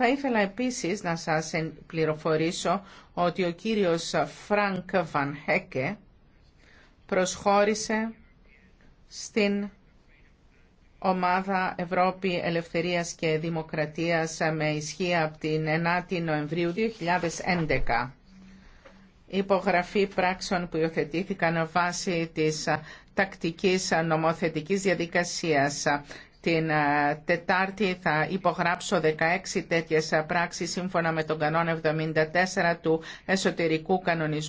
Θα ήθελα επίσης να σας πληροφορήσω ότι ο κύριος Φρανκ Βαν Χέκε προσχώρησε στην Ομάδα Ευρώπη Ελευθερίας και Δημοκρατίας με ισχύ από την 9η Νοεμβρίου 2011. Υπογραφή πράξεων που υιοθετήθηκαν βάσει της τακτικής νομοθετικής διαδικασίας την ε, Τετάρτη θα υπογράψω 16 τέτοιες ε, πράξεις σύμφωνα με τον κανόνα 74 του εσωτερικού κανονισμού.